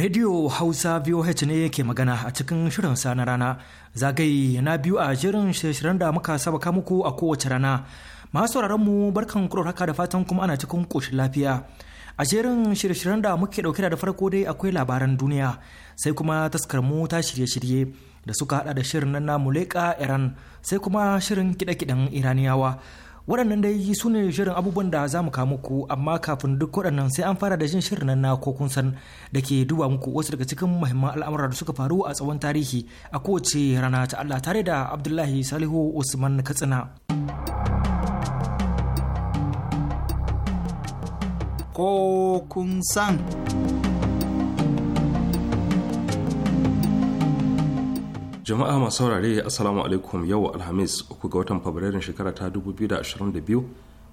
Radio Hausa VOH ne ke magana a cikin shirin sa na rana zagaye na biyu a shirin shirin da muka sabaka muku a kowace rana. Masu mu barkan haka da fatan kuma ana cikin ƙoshin lafiya. A jerin shirye-shiryen da muke ɗauke da farko dai akwai labaran duniya sai kuma taskar mu ta shirye-shirye da suka hada da shirin na Muleka Iran sai kuma shirin kiɗe-kiɗen Iraniyawa. waɗannan dai su ne shirin abubuwan da za mu kamu ku amma kafin duk waɗannan sai an fara da jin shirin na ko kun san da ke duba muku wasu daga cikin muhimman al'amura da suka faru a tsawon tarihi a kowace rana ta Allah tare da Abdullahi Salihu Usman Katsina. Ko kun san. jama'a masu saurare assalamu alaikum yau alhamis uku ga watan fabrairun shekara ta 2022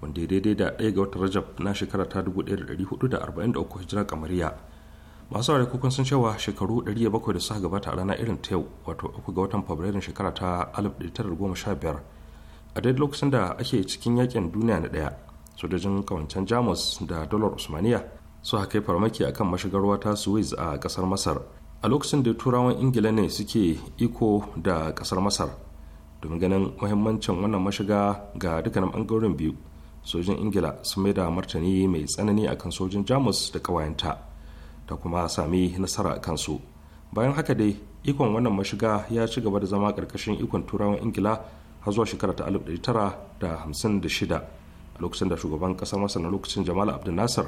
wanda ya daidai da ɗaya ga watan rajab na shekara ta 1443 hijira kamariya masu saurare kukun sun cewa shekaru 700 da suka gabata a rana irin ta yau wato uku ga watan fabrairun shekara ta 1915 a daidai lokacin da ake cikin yakin duniya na ɗaya sojojin kawancen jamus da dolar usmaniya su haka farmaki akan mashigar ta suez a ƙasar masar a lokacin da turawan ingila ne suke iko da kasar masar domin ganin mahimmancin wannan mashiga ga dukkanin bangaren biyu sojin ingila sun mai da martani mai tsanani akan sojin jamus da kawayenta ta kuma sami nasara a kansu bayan haka dai ikon wannan mashiga ya ci gaba da zama ƙarƙashin ikon turawan ingila har zuwa shekara ta 1956 a lokacin da shugaban ƙasar masar na lokacin jamal abdul nasir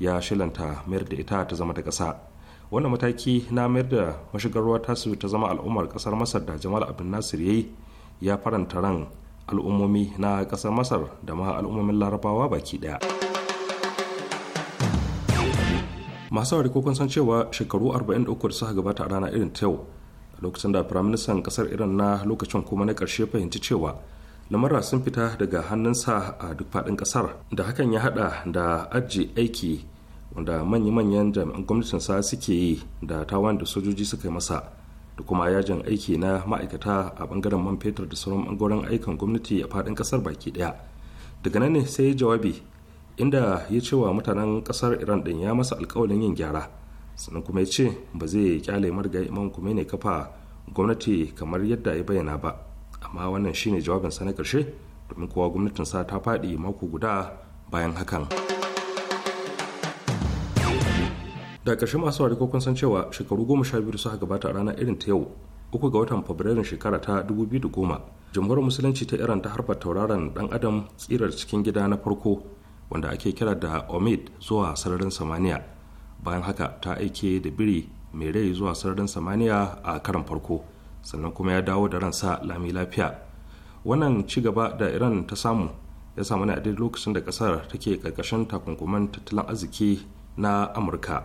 ya shilanta mayar da ita ta zama ta ƙasa wannan mataki na mayar da mashigar ruwa tasu ta zama al'ummar kasar masar da jamal abin nasir yayi ya faranta ran al'ummomi na kasar masar da ma al'ummomin larabawa baki daya masu wari san cewa shekaru 43 da suka gabata a rana irin ta yau a lokacin da firaministan kasar irin na lokacin kuma na karshe fahimci cewa lamura sun fita daga hannunsa a duk faɗin ƙasar da hakan ya hada da ajiye aiki wanda manya-manyan jami'an gwamnatin sa suke yi da tawan da sojoji suka yi masa da kuma yajin aiki na ma'aikata a bangaren man fetur da sauran bangaren aikin gwamnati a faɗin ƙasar baki ɗaya daga nan ne sai ya jawabi inda ya ce wa mutanen ƙasar iran ɗin ya masa alkawalin yin gyara sannan kuma ya ce ba zai kyale marga imam ne kafa gwamnati kamar yadda ya bayyana ba amma wannan shine jawabin sa na karshe domin kowa gwamnatin sa ta faɗi mako guda bayan hakan. da ƙarshe masu wari kun san cewa shekaru goma sha biyu suka gabata a ranar irin ta yau uku ga watan fabrairun shekara ta dubu da goma jamhuriyar musulunci ta iran ta harba tauraron dan adam tsirar cikin gida na farko wanda ake kira da omid zuwa sararin samaniya bayan haka ta aike da biri mai rai zuwa sararin samaniya a karan farko sannan kuma ya dawo da ransa lami lafiya wannan ci gaba da iran ta samu ya samu ne a lokacin da kasar take karkashin takunkuman tattalin arziki na amurka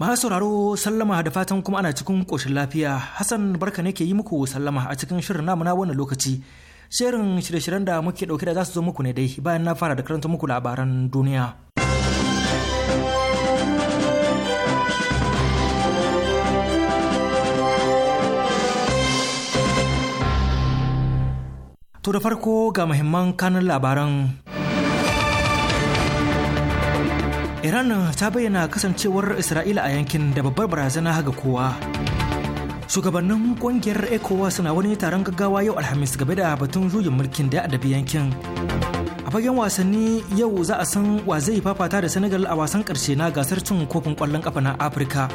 Masu sauraro sallama da fatan kuma ana cikin ƙoshin lafiya Hassan barka ne ke yi muku sallama a cikin shirin namu na wannan lokaci. Shirin shirye-shiryen da muke ɗauke da za su zo muku ne dai bayan na fara da karanta muku labaran duniya. To da farko ga muhimman kanun labaran Iran ta bayyana kasancewar Isra'ila a yankin da babbar barazana ga kowa. Shugabannin kungiyar ECOWAS suna wani taron gaggawa yau Alhamis game da batun juyin mulkin da adabi yankin. A fagen wasanni yau za a san wa zai fafata da Senegal a wasan karshe na gasar cin kofin kwallon kafa na Afirka.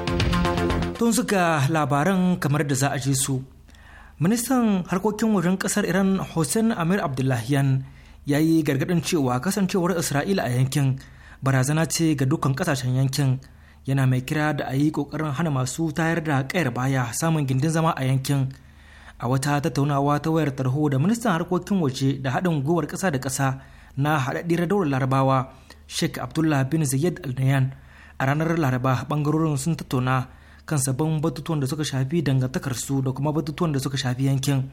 Tun suka labaran kamar da za a je su. Ministan harkokin wajen kasar Iran Hussein Amir Abdullahian ya yi gargadin cewa kasancewar Isra'ila a yankin barazana ce ga dukkan kasashen yankin yana mai kira da a yi kokarin hana masu tayar da kayar baya samun gindin zama a yankin a wata tattaunawa ta wayar tarho da ministan harkokin waje da haɗin gwiwar ƙasa da ƙasa na haɗaɗɗiyar daular larabawa sheikh abdullah bin zayed al a ranar laraba ɓangarorin sun tattauna kan sabbin batutuwan da suka shafi dangantakarsu da kuma batutuwan da suka shafi yankin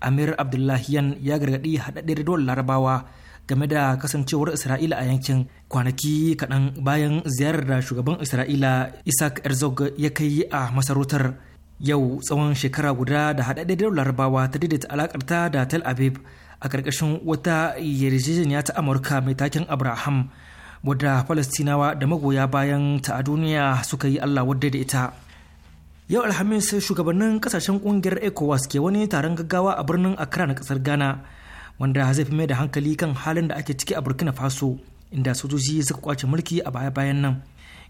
amir abdullahiyan ya gargaɗi haɗaɗɗiyar daular larabawa game da kasancewar Isra'ila a yankin kwanaki kaɗan bayan ziyarar da shugaban Isra'ila Isaac Herzog ya kai a masarautar yau tsawon shekara guda da da larabawa ta daidaita alakarta da Tel Aviv a ƙarƙashin wata yarjejeniya ta Amurka mai taken Abraham wadda Falastinawa da magoya bayan ta a duniya suka yi Allah wadda da ita. Yau Alhamis shugabannin kasashen kungiyar ECOWAS ke wani taron gaggawa a birnin Accra na kasar Ghana wanda zai fi mai da hankali kan halin da ake ciki a burkina faso inda sojoji suka kwace mulki a baya-bayan nan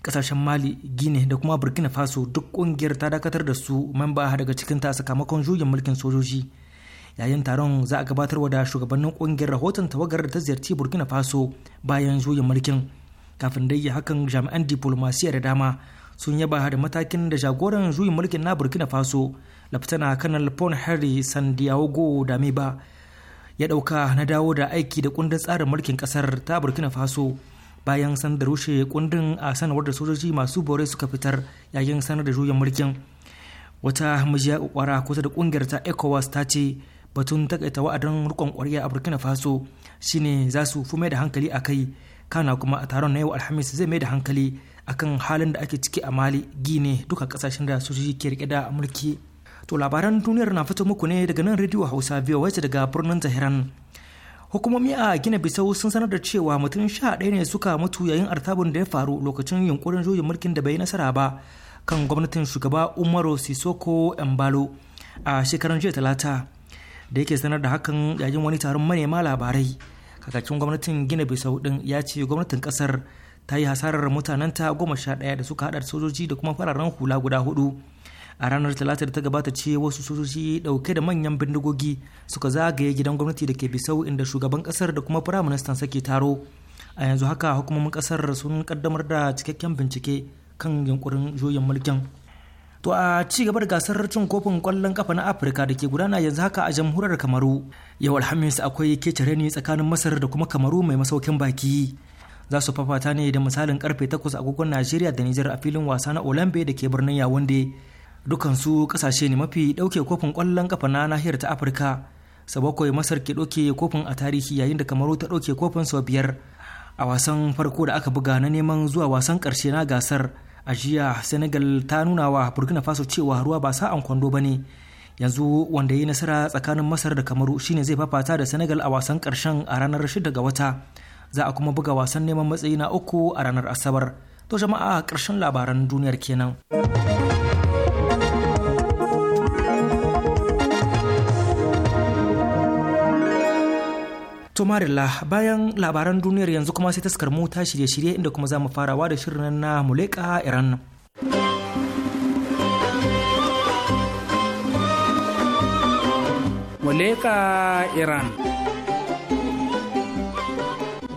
kasashen mali gine da kuma burkina faso duk kungiyar ta dakatar da su memba daga cikin ta sakamakon juyin mulkin sojoji yayin taron za a gabatarwa da shugabannin kungiyar rahoton tawagar da ta ziyarci burkina faso bayan juyin mulkin kafin dai hakan jami'an diplomasiya da dama sun yaba da matakin da jagoran juyin mulkin na burkina faso laftana kanal pon harry san diago damiba ya ɗauka na dawo da aiki da kundin tsarin mulkin ƙasar ta burkina faso bayan sanar da rushe kundin a sanarwar da sojoji masu bore suka fitar yayin sanar da juyin mulkin wata mijiya kwakwara kusa da kungiyar ta ecowas ta ce batun takaita wa'adin rikon kwarya a burkina faso shine za su fi mai da hankali a kai kana kuma a taron na yau alhamis zai mai da hankali akan halin da ake ciki a mali gine duka kasashen da sojoji ke rike da mulki To labaran duniyar na fito muku ne daga nan rediyo Hausa wacce daga birnin Tehran. Hukumomi a Gina Bisau sun sanar da cewa mutum sha ɗaya ne suka mutu yayin artabun da ya faru lokacin yunkurin juyin mulkin da bai nasara ba kan gwamnatin shugaba Umaru Sisoko Embalo a shekaran jiya talata da yake sanar da hakan yayin wani taron manema labarai. Kakakin gwamnatin Gina Bisau din ya ce gwamnatin ƙasar ta yi hasarar mutanenta goma sha ɗaya da suka haɗa sojoji da kuma fararen hula guda hudu. a ranar talatar ta gabata ce wasu sojoji dauke da manyan bindigogi suka zagaye gidan gwamnati da ke bisau inda shugaban kasar da kuma firaministan sake taro a yanzu haka hukumomin kasar sun kaddamar da cikakken bincike kan yunkurin juyin mulkin To a ci gaba da gasar cin kofin kwallon kafa na Afirka da ke gudana yanzu haka a jamhuriyar Kamaru. Yau Alhamis akwai ke ne tsakanin Masar da kuma Kamaru mai masaukin baki. Za su fafata ne da misalin karfe 8 agogon Najeriya da Nijar a filin wasa na Olambe da ke birnin yawon dukansu kasashe ne mafi ɗauke kofin kwallon kafa na nahiyar ta afirka sau bakwai masar ke ɗauke kofin a tarihi yayin da kamaru ta ɗauke kofin sau biyar a wasan farko da aka buga na neman zuwa wasan karshe na gasar a jiya senegal ta nuna wa burkina faso cewa ruwa ba sa'an kwando ba ne yanzu wanda ya yi nasara tsakanin masar da kamaru shine zai fafata da senegal a wasan karshen a ranar 6 ga wata za a kuma buga wasan neman matsayi na uku a ranar asabar to jama'a karshen labaran duniyar kenan. To Marilla bayan labaran duniyar yanzu kuma sai taskar mu ta shirye-shirye inda kuma za mu farawa da shirin na Muleka Iran. Muleka Iran.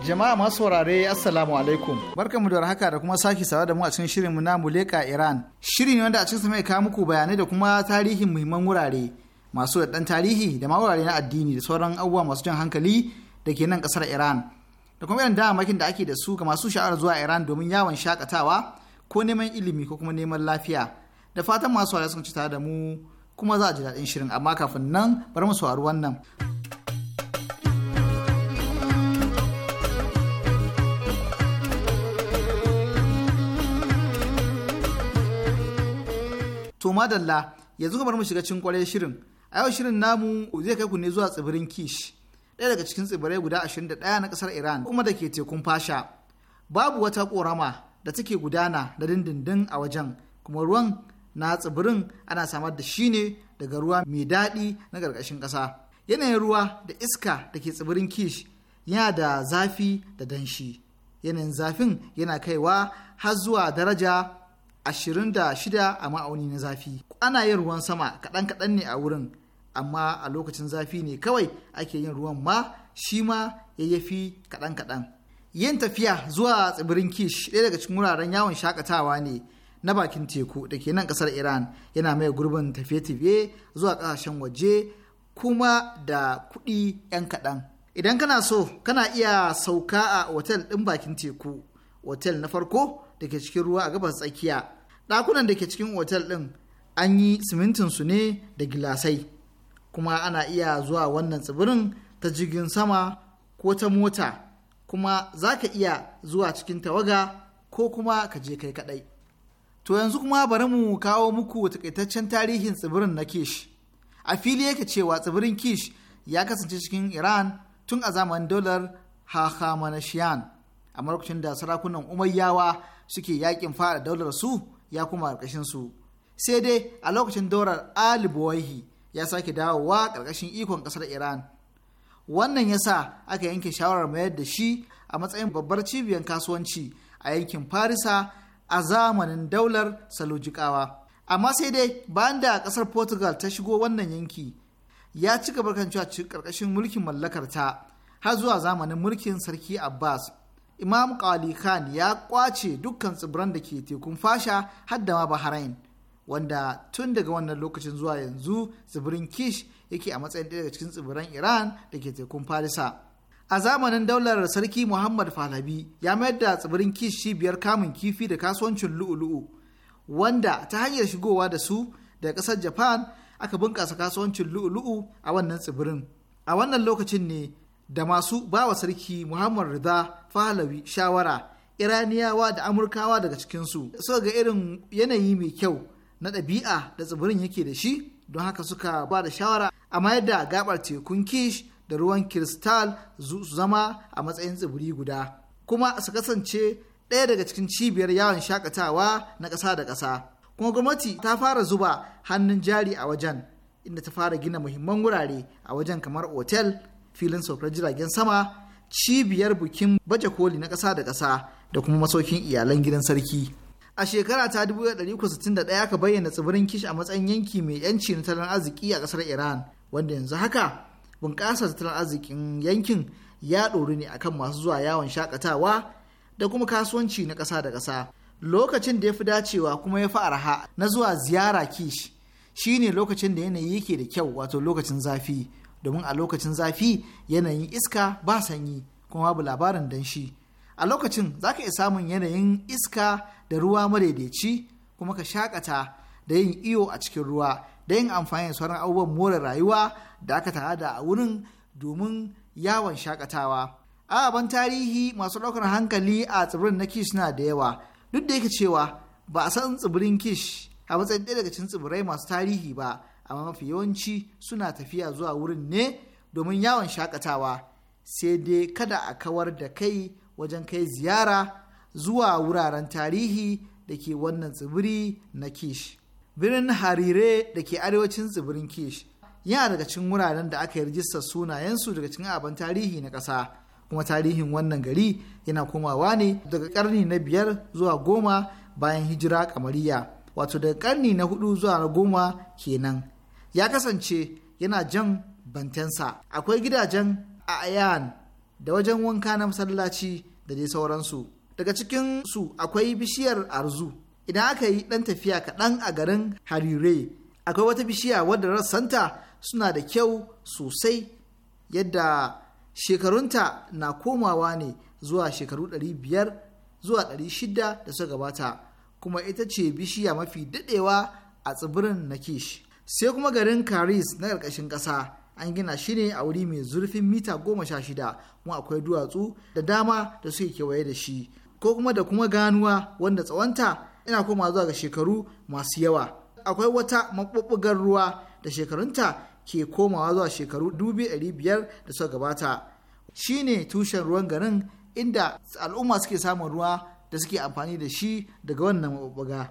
Jama'a masu wurare Assalamu alaikum. Barkanmu da haka da kuma sake sawa da mu a cikin mu na Muleka Iran. Shiri ne wanda a cikin mai kawo muku bayanai da kuma tarihin muhimman wurare masu da tarihi da ma wurare na addini da sauran abubuwa masu jan hankali da ke nan kasar iran da kuma irin damamakin da ake da su ga masu sha'awar zuwa iran domin yawon shakatawa ko neman ilimi ko kuma neman lafiya da fatan masu wari sun ci tare da mu kuma za a ji daɗin shirin amma kafin nan bari mu saurari wannan. To madalla yanzu kamar mu shiga cikin kwarai shirin. A yau shirin namu zai kai ku ne zuwa tsibirin Kish ɗaya daga cikin tsibirai guda 21 na ƙasar Iran kuma da ke tekun fasha. Babu wata ƙorama da take gudana da dindindin a wajen kuma ruwan na tsibirin ana samar da shi ne daga ruwa mai daɗi na ƙarƙashin ƙasa. Yanayin ruwa da iska da ke tsibirin Kish yana da zafi da danshi. Yanayin zafin yana kaiwa har zuwa daraja ashirin da shida a ma'auni na zafi. Ana yin ruwan sama kaɗan-kaɗan ne a wurin amma a lokacin zafi ne kawai ake yin ruwan ma shi ma yayyafi kaɗan kaɗan yin tafiya zuwa tsibirin kish ɗaya daga cikin wuraren yawon shakatawa ne na bakin teku da ke nan ƙasar iran yana mai gurbin tafiye-tafiye zuwa ƙasashen waje kuma da kuɗi 'yan kaɗan idan kana so kana iya sauka a otel ɗin bakin teku otel na farko da ke cikin ruwa a gabas tsakiya ɗakunan da ke cikin otel ɗin an yi simintin ne da gilasai kuma ana iya zuwa wannan tsibirin ta jirgin sama ko ta mota kuma za ka iya zuwa cikin tawaga ko kuma ka je kai kaɗai. To yanzu kuma bari mu kawo muku takaitaccen tarihin tsibirin na Kish. A fili yake cewa tsibirin Kish ya kasance cikin Iran tun a zamanin dolar Hakamanashiyan a lokacin da sarakunan Umayyawa suke yakin fara daular su ya kuma ƙarƙashin su. Sai dai a lokacin daular Ali ya sake dawowa ƙarƙashin ikon ƙasar iran wannan ya sa aka yanke shawarar mayar da shi a matsayin babbar cibiyar kasuwanci a yankin farisa a zamanin daular salujikawa amma sai dai bayan da ƙasar portugal ta shigo wannan yanki ya ci gaba kan cewa ƙarƙashin mulkin mallakarta har zuwa zamanin mulkin sarki abbas imam kali khan ya kwace dukkan tsibiran da ke tekun fasha har da ma bahrain wanda tun daga wannan lokacin zuwa yanzu tsibirin kish yake a matsayin ɗaya daga cikin tsibiran iran da ke tekun farisa a zamanin daular sarki muhammad falabi ya mayar da tsibirin kish cibiyar kamun kifi da kasuwancin lu'ulu'u wanda ta hanyar shigowa da su daga kasar japan aka bunƙasa kasuwancin lu'ulu'u a wannan tsibirin a wannan lokacin ne da masu bawa sarki muhammad rida falabi shawara iraniyawa da amurkawa daga cikinsu suka ga irin yanayi mai kyau na ɗabi'a da tsibirin yake da shi don haka suka ba da shawara a mayar da gabar tekun kish da ruwan kiristal su zama a matsayin tsibiri guda kuma su kasance ɗaya daga cikin cibiyar yawon shakatawa na ƙasa da ƙasa kuma gwamnati ta fara zuba hannun jari a wajen inda ta fara gina muhimman wurare a wajen kamar otel filin saukar jiragen sama cibiyar bukin baje koli na ƙasa da ƙasa da kuma masaukin iyalan gidan sarki a shekara ta 1961 aka bayyana tsibirin kish a matsayin yanki mai yanci na tattalin arziki a kasar iran wanda yanzu haka bunƙasar tattalin arzikin yankin ya ɗori ne akan masu zuwa yawon shakatawa da kuma kasuwanci na ƙasa da ƙasa lokacin da ya fi dacewa kuma ya fi arha na zuwa ziyara kish shine lokacin da yanayi yake da kyau wato lokacin zafi domin a lokacin zafi yanayin iska ba sanyi kuma babu labarin danshi a lokacin za ka iya samun yanayin iska da ruwa madaidaici kuma ka shakata da yin iyo a cikin ruwa da yin amfani da sauran abubuwan more rayuwa da aka tanada a wurin domin yawon shakatawa ababen tarihi masu ɗaukar hankali a tsibirin na kish na da yawa duk da yake cewa ba a san tsibirin kish a matsayin ɗaya daga cikin tsibirai masu tarihi ba amma mafi yawanci suna tafiya zuwa wurin ne domin yawon shakatawa sai dai kada a kawar da kai wajen kai ziyara zuwa wuraren tarihi da ke wannan tsibiri na kish birnin harire da ke arewacin tsibirin kish yana daga cikin wuraren da aka yi rijistar sunayensu daga cikin abin tarihi na ƙasa kuma tarihin wannan gari yana komawa ne daga karni na biyar zuwa goma bayan hijira kamariya wato daga karni na hudu zuwa na goma kenan ya kasance yana jan bantensa akwai gidajen ayan da wajen wanka na masallaci da dai sauransu daga cikin su akwai bishiyar arzu idan aka yi ɗan tafiya kaɗan a garin harire akwai wata bishiya wadda rassanta suna da kyau sosai yadda shekarunta na komawa ne zuwa shekaru ɗari biyar zuwa ɗari shida da suka gabata kuma ita ce bishiya mafi daɗewa a tsibirin na kish sai kuma garin karis na ƙarƙashin ƙasa an gina shi ne a wuri mai zurfin mita goma sha shida kuma akwai duwatsu da dama da suke kewaye da shi ko kuma da kuma ganuwa wanda tsawonta ina koma zuwa ga shekaru masu yawa akwai wata maɓuɓɓugar ruwa da shekarunta ke komawa zuwa shekaru dubi ɗari biyar da suka gabata shi ne tushen ruwan garin inda al'umma suke samun ruwa da suke amfani da shi daga wannan maɓuɓɓuga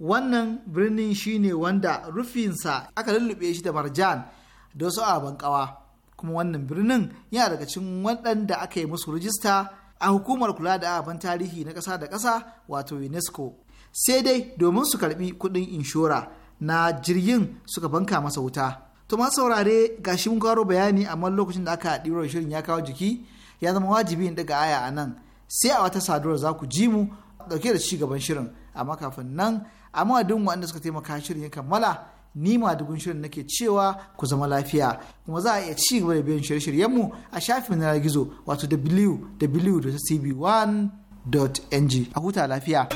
wannan birnin shi ne wanda rufinsa aka lullube shi da marjan da wasu ababen kawa kuma wannan birnin yana daga cikin waɗanda aka yi musu rijista a hukumar kula da ababen tarihi na ƙasa da ƙasa wato unesco sai dai domin su karbi kuɗin inshora na jirgin suka banka masa wuta to ma saurare shi mun karo bayani amma lokacin da aka ɗiro shirin ya kawo jiki ya zama wajibi in daga aya a nan sai a wata saduwar za ku ji mu ɗauke da ci gaban shirin amma kafin nan amma duk waɗanda suka taimaka shirin ya kammala ni ma dugun shirin nake cewa ku zama lafiya kuma za a iya ci gaba da biyan shirye-shiryenmu a shafin na gizo wato www.cb1.ng a huta lafiya.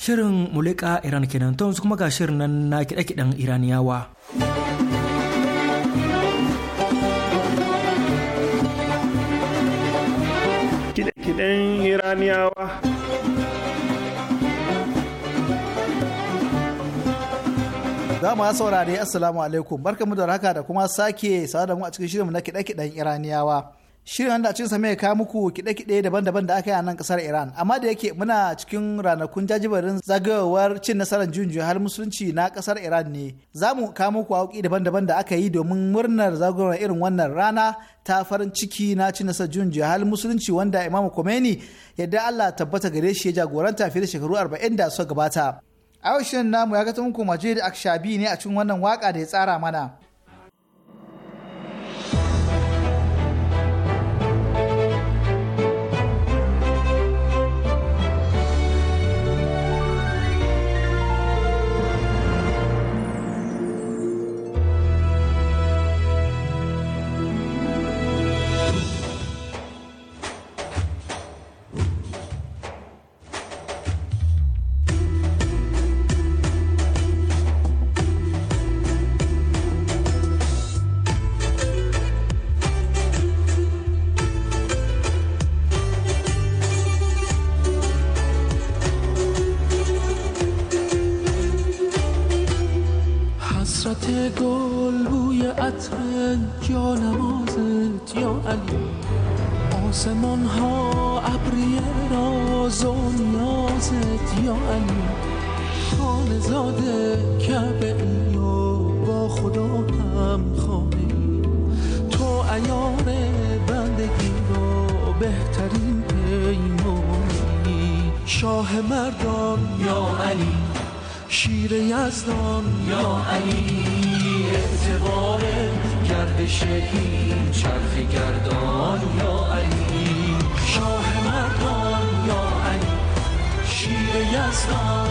Shirin Mulika Iran kenan to kuma ga shirin nan na kiɗe-kiɗen Iraniyawa. kiɗe-kiɗen iraniyawa za mu saurare assalamu alaikum barkamu da haka da kuma sake sa da mu a cikin shirinmu na kiɗe-kiɗen iraniyawa shirin wanda cin mai kawo muku kide-kide daban-daban da aka yi a nan kasar Iran amma da yake muna cikin ranakun jajibarin zagayowar cin nasarar juyin har musulunci na kasar Iran ne za mu kawo muku auki daban-daban da aka yi domin murnar zagayowar irin wannan rana ta farin ciki na cin nasarar juyin har musulunci wanda Imam komeni yadda Allah tabbata gare shi ya jagoranta fiye da shekaru arba'in da suka gabata. A namu ya gata muku Majid Akshabi ne a cikin wannan waka da ya tsara mana. small.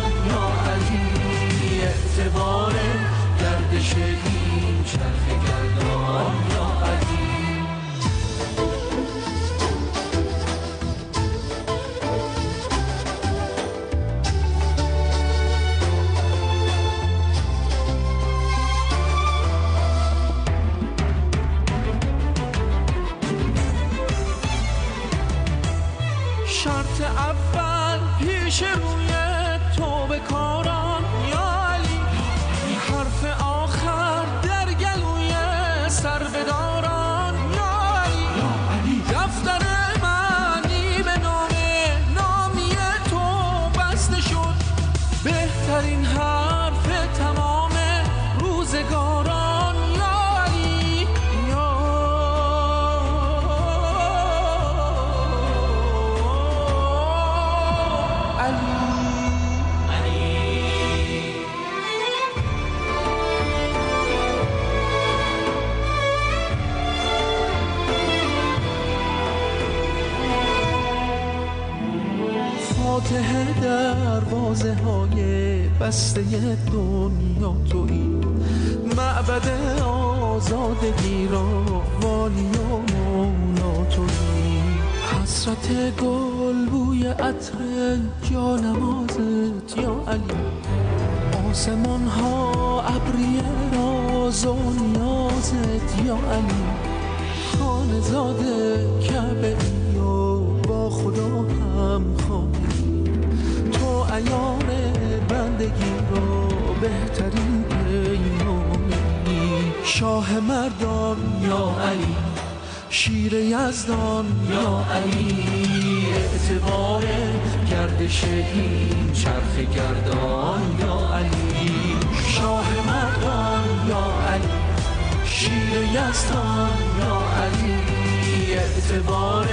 بسته دنیا توی معبد آزادگی را والی و مولا توی حسرت گل بوی عطر یا نمازت یا علی آسمان ها ابری راز و نیازت یا علی خانزاده زندگی رو بهترین پیمانی شاه مردان یا علی شیر یزدان یا علی اعتبار گردش این چرخ گردان یا علی شاه مردان یا علی شیر یزدان یا علی اعتبار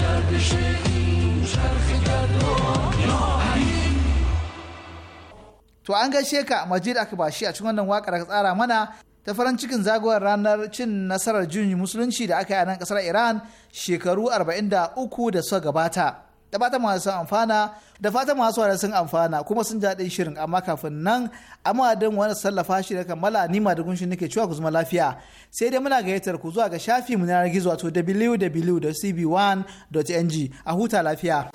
گردش این چرخ گردان یا علی to an gaishe ka majid akbashi a cikin wannan wakar ka tsara mana ta farin cikin zagowar ranar cin nasarar juyin musulunci da aka yi a nan kasar iran shekaru 43 da suka gabata da fata masu sun amfana da fata masu wani sun amfana kuma sun ji shirin amma kafin nan amma don wani sallafa shi da kammala nima da gunshin nake cewa ku zama lafiya sai dai muna gayyatar ku zuwa ga shafi mu na gizo wato www.cb1.ng a huta lafiya.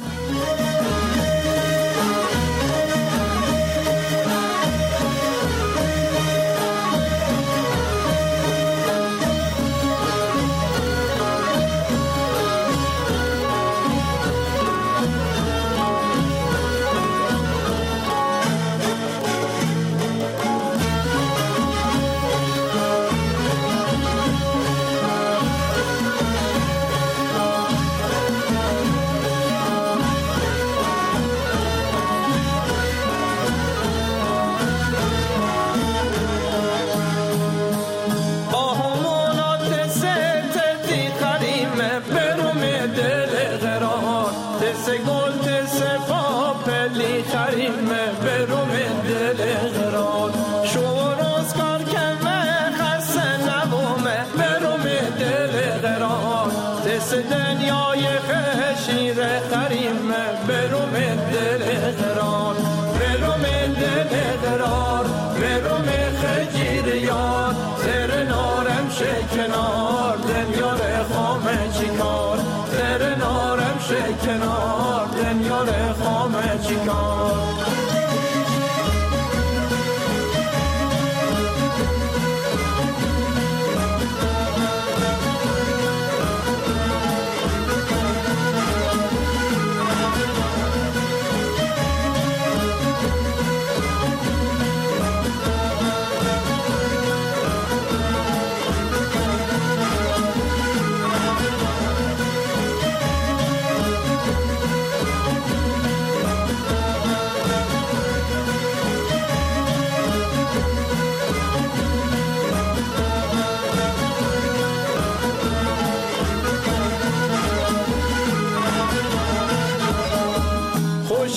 بهتریم به روم دل قرار به روم دل قرار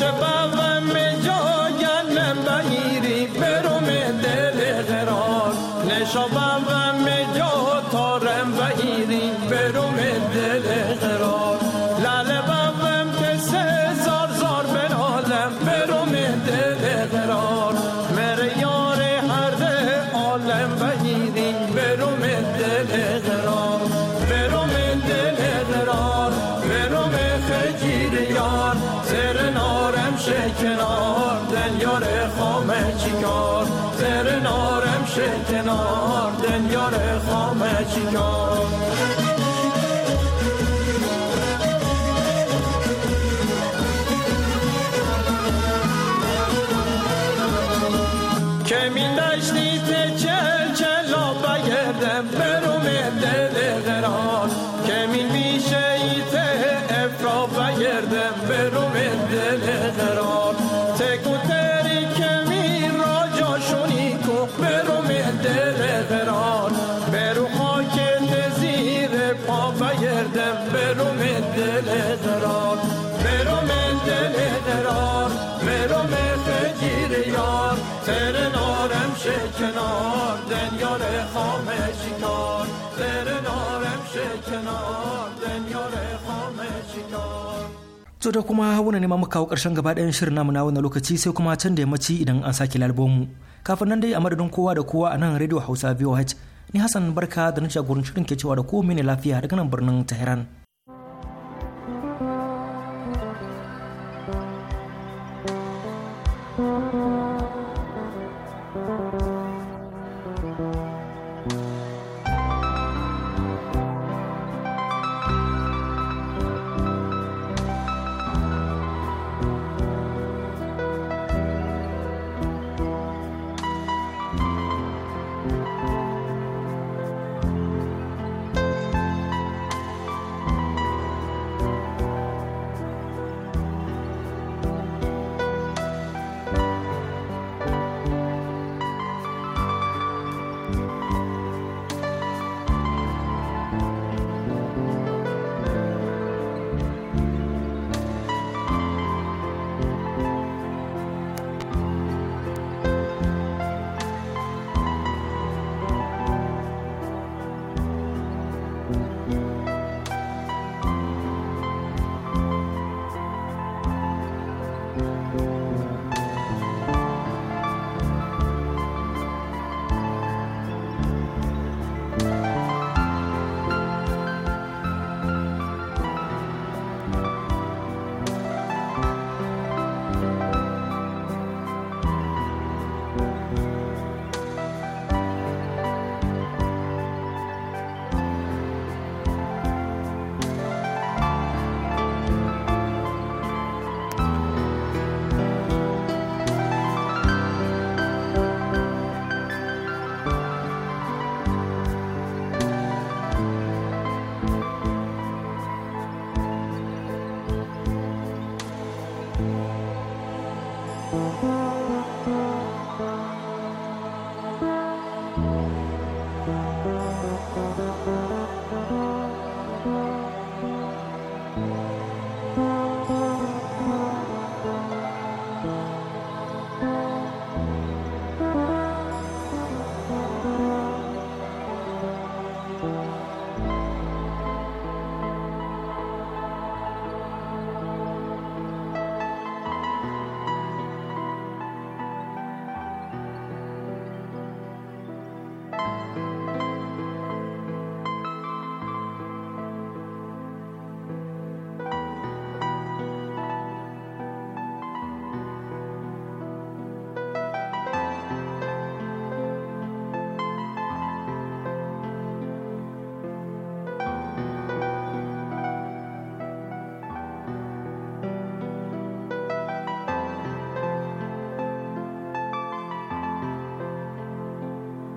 worship To da kuma wuna ne ma muka kawo ƙarshen gaba ɗayan shirin namu na wannan lokaci sai kuma can da yammaci idan an sake lalbomu. Kafin nan dai a madadin kowa da kowa a nan Radio Hausa VOH ni Hassan Barka da na jagorancin shirin ke cewa da ko ne lafiya daga nan birnin Tehran.